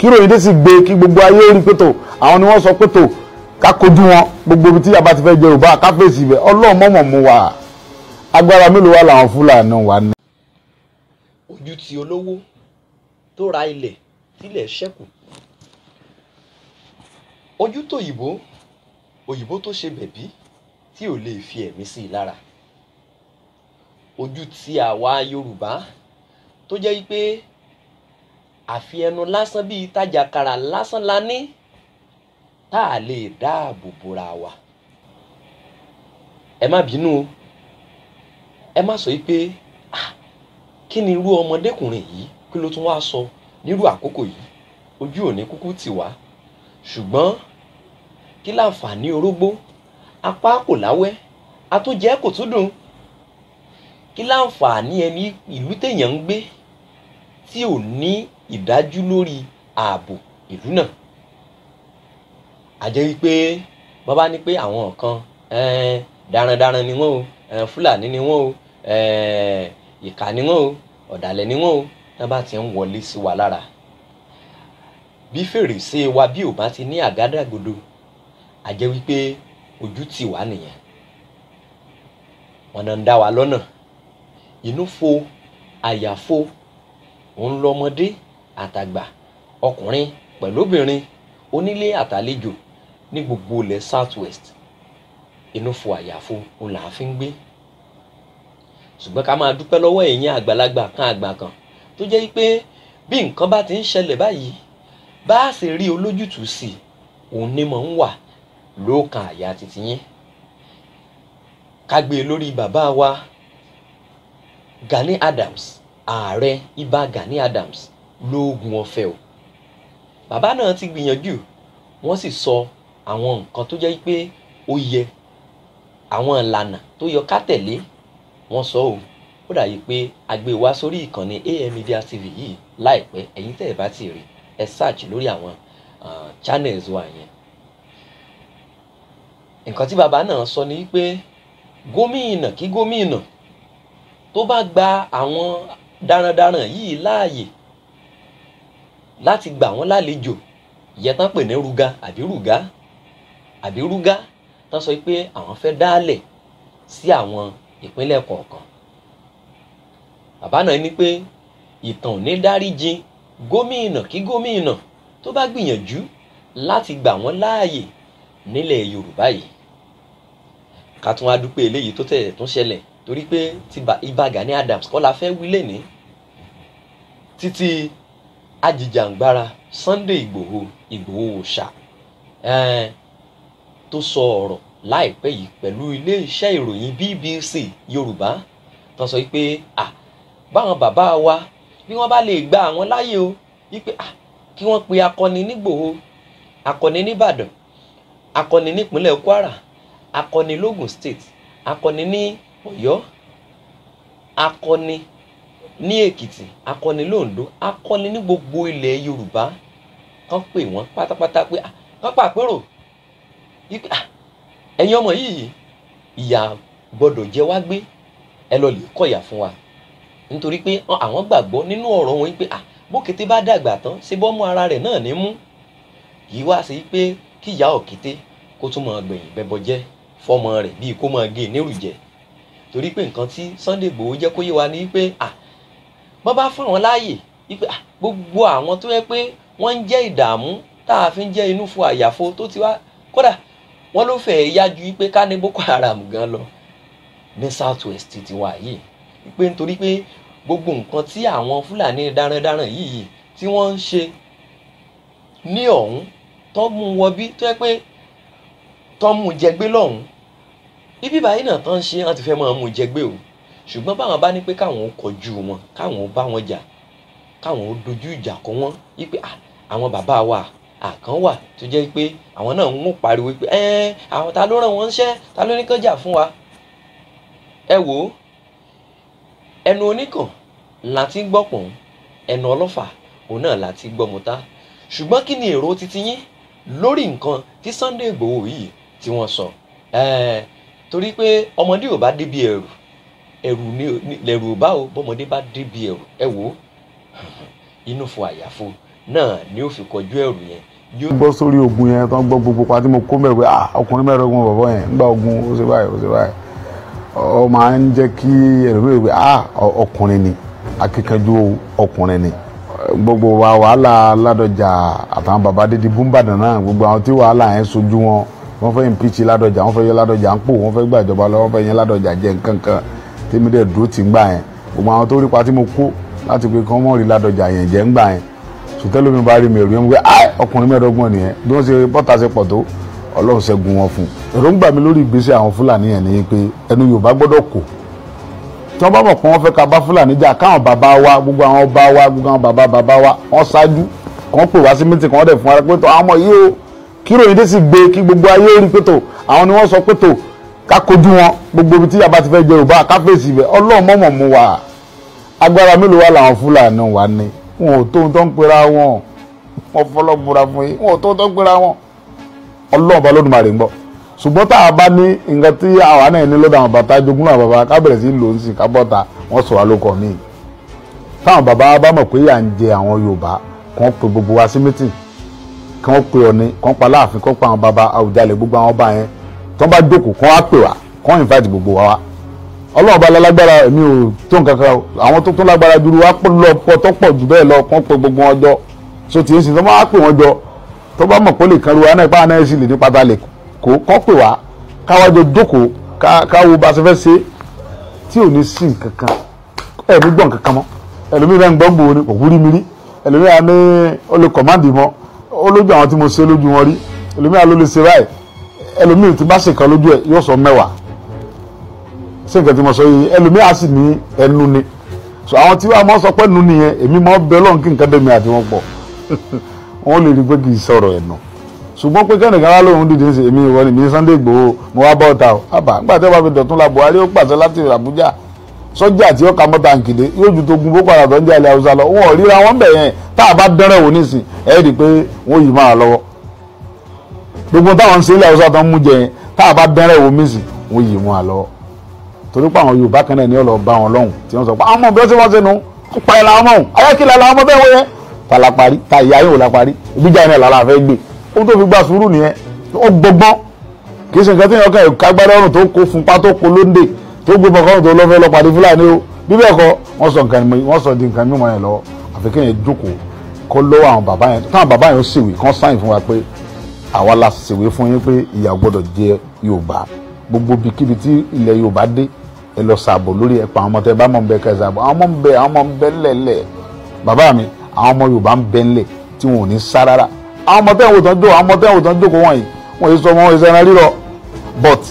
kí ròyìn dé sì gbé kí gbogbo ayé rí pé tó àwọn ni wọ́n sọ pé tó ká kojú wọn gbogbo ibi tí yaba ti fẹ́ jẹ yorùbá ká fèsì ibẹ̀ ọlọ́run mọ̀mọ̀ mú wa agbára mélòó wà làwọn fúlàní wa ní. ojú ti olówó tó ra ilẹ̀ tílẹ̀ ṣẹ́kù ojú tòyìnbó òyìnbó tó ṣe bẹ̀bí tí ò lè fi ẹ̀mí sí i lára ojú ti àwa yorùbá tó jẹ́ pé àfi ẹnu lásán bíi tájàkàrà lásán la ní tá a lè dáàbò bora wa ẹ má bínú o ẹ má sọ pé ah, kí ni irú ọmọdékùnrin yìí kí ló tún wá sọ nírú àkókò yìí ojú òní kúkú tì wá ṣùgbọ́n kí láǹfààní orógbó apá kò láwẹ́ àtúnjẹ́ kò tún dùn kí láǹfààní ẹni ìlú téèyàn ń gbé tí ò ní ìdájú lórí ààbò ìlú náà àjẹ́ wípé wọ́n bá ní pé àwọn kan eh, darandaran ni wọ́n o eh, fúlàní ni wọ́n o eh, ìkà ni wọ́n o ọ̀dàlẹ̀ ni wọ́n o tán bá ti ń wọlé sí wa lára bí fèrèsé wa bí ò bá ti ní àgádágodo àjẹ́ wípé ojú tì wá nìyẹn wọn náà ń dá wa lọ́nà inú fo àyàfo òun lọmọdé àtàgbà ọkùnrin pẹ̀lú obìnrin onílé àtàlejò ní gbogbo ilẹ̀ south west inú fo àyàfo òun là á fi ń gbé ṣùgbọ́n ká máa dúpẹ́ lọ́wọ́ ẹ̀yin àgbàlagbà kan àgbà kan tó jẹ́ pé bí nǹkan bá ti ń ṣẹlẹ̀ báyìí bá a sì rí olójútùú sí i òun ni mò ń wà lóòkan àyà títí yín e lórí bàbá wa Gani Adams ààrẹ Ìbà Gani Adams lóògùn ọ̀fẹ́ o bàbá náà ti gbìyànjú wọ́n sì sọ àwọn nǹkan tó jẹ́ pé ó yẹ àwọn ìlànà tó yọ ká tẹ̀lé wọ́n sọ o ó dàbí pé a wá sórí ìkànnì AM TV yìí láìpẹ́ ẹ̀yin tẹ́ ẹ̀ bá ti rí ẹ search lórí àwọn channels wa yẹn nǹkan tí bàbá náà sọ ni pé gómìnà kí gómìnà tó bá gba àwọn darandaran yìí láàyè láti gbà wọ́n lálejò ìyẹn tán pè ní ruga àbí ruga àbí ruga tán sọ pé àwọn fẹ́ dálẹ̀ sí àwọn ìpínlẹ̀ kọ̀ọ̀kan bàbá náà ní pé ìtàn ò ní dáríjì gómìnà kí gómìnà tó bá gbìyànjú láti gbà wọ́n láàyè nílẹ̀ yorùbá yìí ká tún wá dúpẹ́ eléyìí tó tẹ̀lé tún ṣẹlẹ̀ torí pé ti Ìbà Gani Adams kọ́ fẹ́ wí lẹ́ni títí ajìjàǹgbara Sunday Ìgbòho Ìgbòho òòṣà eh, tó sọ ọ̀rọ̀ láìpẹ́ yìí pẹ̀lú iléeṣẹ́ ìròyìn BBC Yorùbá tó sọ pé báwọn bàbá wa bí wọ́n bá lè gba àwọn láàyè o wípé kí wọ́n pe akọni nígbòho akọni nìbàdàn akọni nípínlẹ̀ Kwara akọni lógùn state akọni ní Ọ̀yọ́ akọni ní èkìtì akọni londo akọni ní gbogbo ilẹ̀ yorùbá kán pè wọ́n pátápátá pé kán pàpérò ẹ̀yin ọmọ yìí ìyà gbọ́dọ̀ jẹ wá gbé ẹ lọ lè kọ̀yà fún wa nítorí pé àwọn gbàgbọ́ nínú ọ̀rọ̀ wọn pé bókété bá dàgbà tán ṣé bọ́ mú ara rẹ̀ náà ní mú yìí wá sí pé kíyà òkété kó tún máa gbẹ̀yìn bẹ́bọ jẹ́ fọmọ rẹ̀ bíi kó máa gé e nírùjẹ torí pé nǹkan tí Sunday Igboho jẹ́ kó yé wa ní pé wọ́n bá fún àwọn láàyè wípé ah, gbogbo àwọn tó yẹ pé wọ́n ń jẹ́ ìdààmú tá a fi ń jẹ́ inú fún àyàfo tó ti wá kódà wọ́n ló fẹ́ẹ́ yá ju ká ní Boko Haram gan lọ ní South West ti wà yìí wípé nítorí pé gbogbo nǹkan tí àwọn Fúlàní darandaran yìí tí wọ́n ń ṣe ní ọ̀hún tó mú wọbí tó yẹ pé tó mú jẹgbé lọ́hùn ibi báyìí náà tó ń ṣe wọ́n ti fẹ́ máa mú jẹgbé o ṣùgbọ́n báwọn bá ní pé káwọn ó kọjú wọn káwọn ó bá wọn jà káwọn ó dojú ìjà kọ wọn wípé àwọn bàbá wa àkàn wà tó jẹ́ pé àwọn náà ń mú pariwo pé ẹ́ẹ́ àwọn ta ló ràn wọ́n ṣẹ́ ta ló ní kán jà fún wa ẹ wò ẹnu oníkàn la ti ẹnu ọlọ́fà òun náà la ti ṣùgbọ́n kí ni èrò titi yín lórí nǹkan tí Sunday Igboho yìí tí wọ́n sọ torí pé ọmọdé ò bá débi ẹ̀rù ẹ̀rù ní lẹ̀rù bá o bọ́mọdé bá débi ẹ̀rù ẹ wò ó inú fún àyàfo náà ni ó fi kọjú ẹ̀rù yẹn. gbọ́ sórí ogun yẹn tán gbọ́ gbogbo pa tí mo kó mẹ́rin pé ah, ọkùnrin mẹ́rin ogun bàbá yẹn nígbà ogun ó ṣe báyìí ó ṣe báyìí ọ máa ń jẹ́ kí ẹlòmíràn pé ah, ọkùnrin ni akíkanjú ọkùnrin ni gbogbo wa wàhálà ládọjà àtàwọn baba dídí búmbàdàn náà gbogbo àwọn tí wàhálà yẹn sojú wọn wọ́n fẹ́ impeach ládọjà wọ́n fẹ́ yẹ ládọjà ń pò wọ́n fẹ́ gbàjọba lọ wọ́n fẹ́ yẹ ládọjà jẹ nǹkan tèmi dẹ̀ dúró ti gbà yẹn gbogbo àwọn tó rí pa tí mo kó láti pé kán mọ̀ rí ládọjà yẹn jẹ́ ń gbà yẹn sùtẹ́lómi bá rí mi ẹ̀rù yẹn mo gbé ọkùnrin mẹ́ẹ̀ẹ́dọ́gbọ̀n nìyẹn bí wọ́n ṣe bọ́ta ṣe pọ̀ tó ọlọ́run ṣẹ́gun wọn fún un èròǹgbà mi lórí ìgbésẹ̀ àwọn fúlàní yẹn ni pé ẹnu yorùbá gbọ́dọ̀ kò tí wọ́n bá mọ̀ pé wọ́n fẹ́ ka bá fúlàní jà káwọn bàbá wa gbogbo àwọn bá wa gbogbo àwọn bàbá bàbá wa wọ́n ṣáájú kàn pè wá sí mítì kàn wọ́n dẹ̀ fún wa pé tó àwọn ọmọ yìí o kí ròyìn dé sì gbé kí gbogbo ayé rí pé tó àwọn ni wọ́n sọ pé tó ká kojú wọn gbogbo ibi tí a bá ti fẹ́ jẹ yorùbá ká fèsì ibẹ̀ ọlọ́run mọ̀mọ̀ mu wà agbára mélòó wà làwọn fúlàní wà ní wọn ò tó ń tọ́ ń pera wọn wọn fọlọ́ gbura fún yín wọn ò tó ń tọ́ ń pera wọn ọlọ́run bá lódùmarè ń bọ̀ ṣùgbọ́n tá a bá ní nǹkan tí àwa náà ní lọ́dọ̀ àwọn bàtà jogún náà bàbá ká bẹ̀rẹ̀ sí lò ń sìn ká bọ́ta wọ́n sọ̀rọ̀ ló kọ̀ táwọn bàbá bá mọ̀ pé à ń jẹ àwọn yorùbá kàn pé gbogbo wa sí kàn pé ọ̀ní kàn pa láàfin kàn pa àwọn bàbá àwùjalè gbogbo àwọn bá yẹn kán bá jókòó kán wá pè wá kán invite gbogbo wa wá ọlọ́run bá lálágbára èmi ò tó nǹkan kan àwọn tó tún lágbára dúró wá pọ̀ lọ pọ̀ tó pọ̀ jù bẹ́ẹ̀ lọ kán pe gbogbo wọn jọ so tìyẹn sì tó máa pè wọn jọ tó bá mọ̀ pé lè kan ru wa náà ipá náà sì lè ní pátá lè kó kán pè wá káwájọ jókòó káwo bá ṣe fẹ́ ṣe tí ò ní sí nǹkan kan ẹ̀mí gbọ̀n nǹkan kan mọ́ ẹlòmíràn ń gbọ́n gbòó ni kò mi rí ẹlòmíràn ní olùkọ́mándì mọ́ olójú àwọn tí mo ṣe lójú wọn rí ẹlòmíràn ló lè ṣe báyìí ẹlòmíì tí bá ṣe kan lójú ẹ yóò sọ mẹ́wàá ṣé nǹkan tí mo sọ yìí ẹlòmíì á sì ní ẹnu ni so àwọn tí wàá mọ sọ pé ẹnu nìyẹn èmi mọ bẹ Ọlọ́run kí nǹkan dẹmi àti wọn pọ̀ wọn lè rí pé kì í sọ̀rọ̀ ẹnu ṣùgbọ́n pé kẹ́nìkan wá lóhun dìde ṣe èmi ìwọ ni mi Sunday Igboho mo wá bọ́ ọ̀tá o àbá ah, nígbà tí wọ́n bá fi dọ̀tún la Buhari ó pàṣẹ láti Àbújá sọ́jà tí ó ka mọ́ta nkìdé yóò ju togun boko haram tó ń jẹ́ ilẹ̀ Haúsá lọ wọn ò ríra wọn bẹ̀ yẹn tá a bá dẹ́rẹ̀ wò nísìn ẹ̀ rí i pé wọ́n yìí máa lọ́wọ́ gbogbo táwọn ṣe ilé haúsá tán mú jẹ yẹn táwọn bá bẹ̀rẹ̀ wo mí sí wọ́n yìí wọn àlọ́ torí pé àwọn yorùbá kan náà ní ọ̀lọ́ bá wọn lọ́hùn tí wọ́n sọ pé àwọn ọmọ bí wọ́n ṣe wọ́n ṣe nu pa ẹ̀ làwọn ọmọ ayákìlá làwọn ọmọ bẹ́ẹ̀ wọ́n yẹn ta la parí ta ìyá yóò la parí ìbíjà yẹn làlá fẹ́ gbé ó tó fi gba sùúrù nìyẹn ó gbọgbọ́n kì í ṣe nǹkan tí yẹn kàn kágbára ọ̀run tó kó funpa tó kó lóńdè tó gbé bọ̀kọ́rùn tó lọ́fẹ́ lọ́pàdé fúlàní o bí bẹ́ẹ̀ kọ́ wọ́n táwọn bàbá yẹn ó sì wí kán sáyìn fún wa pé àwa la ṣèwé fún yín pé ìyà gbọ́dọ̀ jẹ yorùbá gbogbo bí kíbi tí ilẹ̀ yorùbá dé ẹ lọ ṣàbò lórí ẹ pa àwọn ọmọ tẹ bá mọ̀ ń bẹ ká ẹ ṣàbò àwọn ọmọ ń bẹ àwọn ọmọ ń bẹ lẹ̀lẹ̀ bàbá mi àwọn ọmọ yorùbá ń bẹ ńlẹ̀ tí wọn ò ní sá rárá àwọn ọmọ tẹ́wọ̀n tán jó àwọn ọmọ tẹ́wọ̀n tán jókòó wọ̀nyí wọn yìí sọ wọn yìí sẹ́ran rírọ̀ but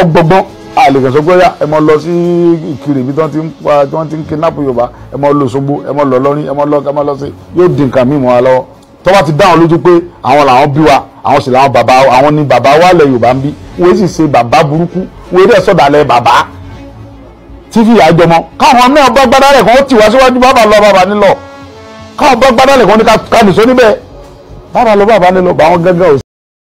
ọgbọgbọ́n àlèkànṣọ́ gbọ́yà ẹ mọ lọ sí ìkiri ibi tí wọ́n ti ń pa tí wọ́n ti ń kidnap yorùbá ẹ mọ lọ Òṣogbo ẹ mọ lọ lọ́rin ẹ mọ lọ sí yóò di nǹkan mímọ́ wa lọ́wọ́ tó bá ti dá wọn lójú pé àwọn làwọn bí wa àwọn sì làwọn bàbá àwọn ni bàbá wa lẹ Yorùbá ń bí wọ́n sì ṣe bàbá burúkú wọ́n dẹ̀ sọ̀dà lẹ bàbá tí fìyà jọmọ káwọn náà bá gbádá rẹ̀ kàn ó tì wá síwájú bàbá lọ bàbá nílọ káwọn bá gbádá rẹ̀ kàn ó ní ká nìṣó níbẹ̀ bàbá lọ bàbá nílọ bàwọn gángan ò